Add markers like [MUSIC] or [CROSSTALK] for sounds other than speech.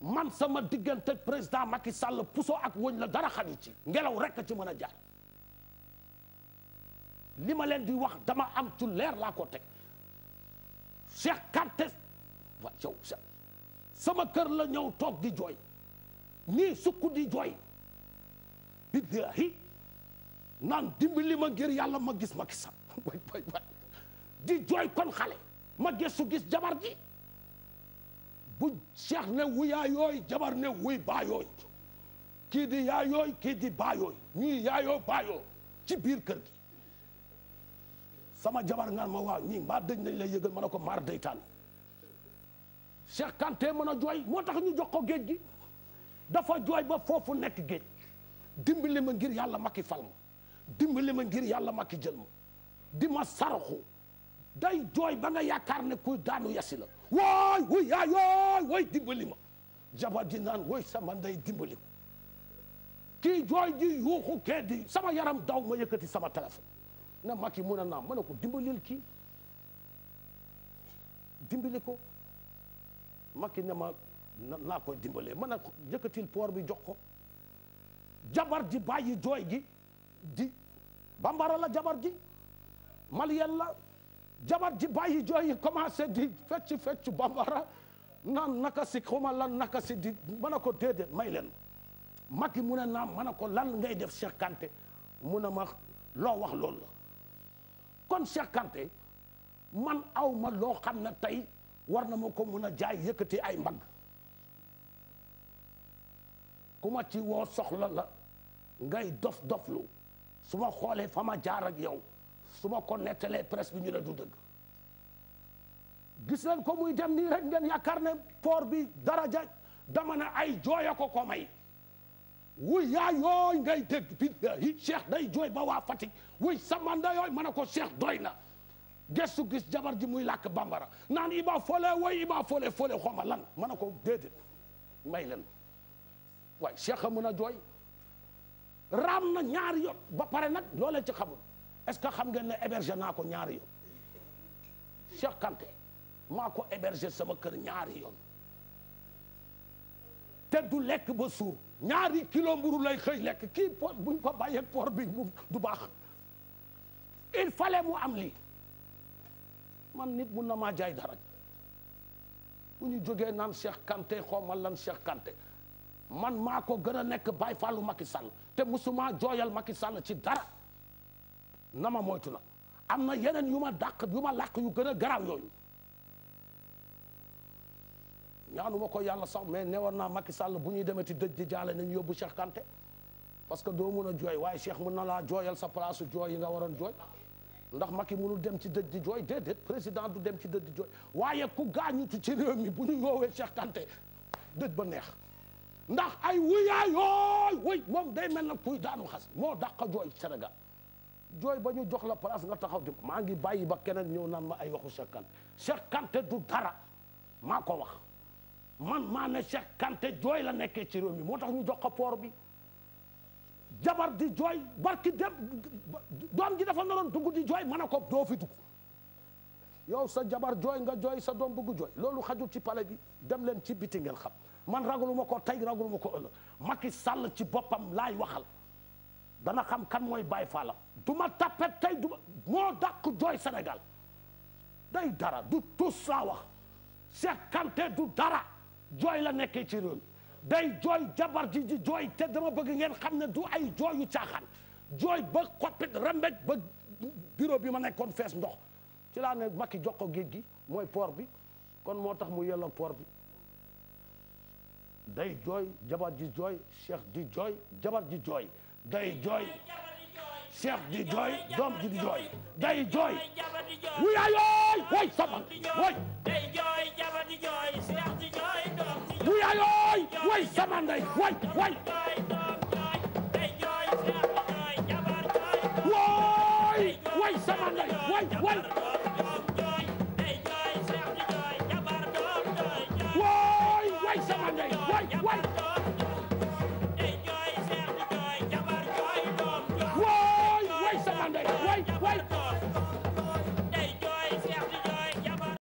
man sama diggante président Macky Sall puso ak wëñ la dara xaju ci ngelaw a ci mën a jaar li ma leen di wax dama am ci leer laa ko teg Cheikh Kanté sama kër la ñëw toog di jooy nii sukk di jooy billaahi naan dimbali ma ngir yàlla ma gis Macky Sall [LAUGHS] way di jooy kon xale ma gëstu gis jabar ji bu cheikh ne wu yaa yooy jabar ne wuy baa kii di yaa yooy kii di baa ñuy yaayoo baayoo ci biir kër gi sama jabar ngaan ma waaw ñii mbaa dëj nañ lay yëgal ma ne ko maar daytaan Cheikh Kanté mën a jooy moo tax ñu jox ko géej gi dafa jooy ba foofu nekk géej dimbali ma ngir yàlla makki fal ma dimbali ma ngir yàlla makki jël ma di ma saraxu day jooy ba nga yaakaar ne kuy daanu yasi wooy wuy dimbali ma jabar ji naan wooy sama ndey dimbali ko kii jooy di yuuxu kee sama yaram daw ma yëkkati sama téléphone na Macky mun a naam ma ne ko dimbalil kii dimbali ko Macky ne ma naa koy dimbalee ma ne ko yëkkatil poor bi jox jabar ji bàyyi jooy gi di bambara la jabar ji malien la jabar ji bàyyi jooyi commencé di fecc fecc bambara naan naka si xuma lan naka si di mën a ko déedéet may leen mag yi mu ne naam mën ko lan ngay def Cheikh Kanté mu ne ma loo wax lool la kon Cheikh Kanté man aw ma loo xam ne tey war na ma ko mun a jaay yëkkati ay mbagg ku ma ci woo soxla la ngay dof doflu su ma xoolee fa ma jaar ak yow su ma ko nettalee presse bi ñu ne du dëgg gis nañ ko muy dem nii rek ngeen yaakaar ne port bi daraja dama ne ay jooya ko ko may wuy yaa yooyu ngay dégg billahi cheikh day jooy ba waa Fatick wuy samanda yooyu ma ne ko cheikh doy na gestu gis jabar ji muy làkk bambara naan iba fole woy iba fole fole xoma lan ma ne ko déedéet may leen waaye cheikh a mën a jooy raam na ñaari yoon ba pare nag loo leen ci est-ce que xam ngeen ne héberger naa ko ñaari yoon Cheikh Kanté maa ko héberger sama kër ñaari yoon te du lekk ba suur ñaari kilo mburu lay xëy lekk kii po buñ ko bàyyee port bi mu du baax il fallait mu am lii man nit mun na maa jaay dara bu ñu jógee naan Cheikh Kanté xoomal lan Cheikh Kanté man maa ko gën a nekk Baye Fallou Macky Sall te musuma jooyal Macky Sall ci dara na ma moytu nag am na yeneen yu ma dàq yu ma làq yu gën a garaaw yooyu ñaanuma ko yàlla sax mais newoon naa Macky Sall bu ñuy demee ci dëj ji jaale nañu yóbbu Cheikh Kanté parce que doo mun a jooy waaye Cheikh mën na laa jooyal sa place jooy yi nga waroon jooy ndax Macky mënul dem ci dëj ji jooy déedéet président du dem ci dëj ji jooy waaye ku gaañu ci réew mi bu ñu woowee Cheikh Kanté dëj ba neex ndax ay wuyaayooy wuy moom day mel na kuy daanu xas moo dàq jooy Sénégal jooy ba ñu jox la place nga taxaw di maa ngi bàyyi ba keneen ñëw naan ma ay waxu Cheikh Kanté Cheikh Kanté du dara maa ko wax man maa ne Cheikh Kanté jooy la nekkee ci room mi moo tax ñu jox ko port bi jabar di jooy barki dem doom ji dafa naroon dugg di jooy mën a ko doo fi yow sa jabar jooy nga jooy sa doom bëgg jooy loolu xajul ci palais bi dem leen ci biti ngeen xam man ragalu ma ko tey ragalu ko ëllëg Macky Sall ci boppam laay waxal dana xam kan mooy Baye Fall du ma tapet tey du ma moo dàq jooy senegal day dara du tus laa wax Cheikh du dara jooy la nekkee ci réew day jooy jabar ji jooy te dama bëgg ngeen xam ne du ay jooyu yu caaxaan jooy ba xoppit rembej ba bureau bi ma nekkoon fees ndox ci laa ne Macky jox ko géej gi mooy poor bi kon moo tax mu yelloog port bi day jooy jabar ji jooy Cheikh ji jooy jabar ji jooy day jooy chef di jooy doom ji di jooy day jooy wuyaa yooy woy sama woy day jooy jaba di jooy chef di jooy doom ji wuyaa yooy woy sama ndey woy woy day jooy chef di jooy jabar jooy woy woy sama ndey woy woy day jooy chef di jooy jabar doom jooy woy woy sama ndey woy woy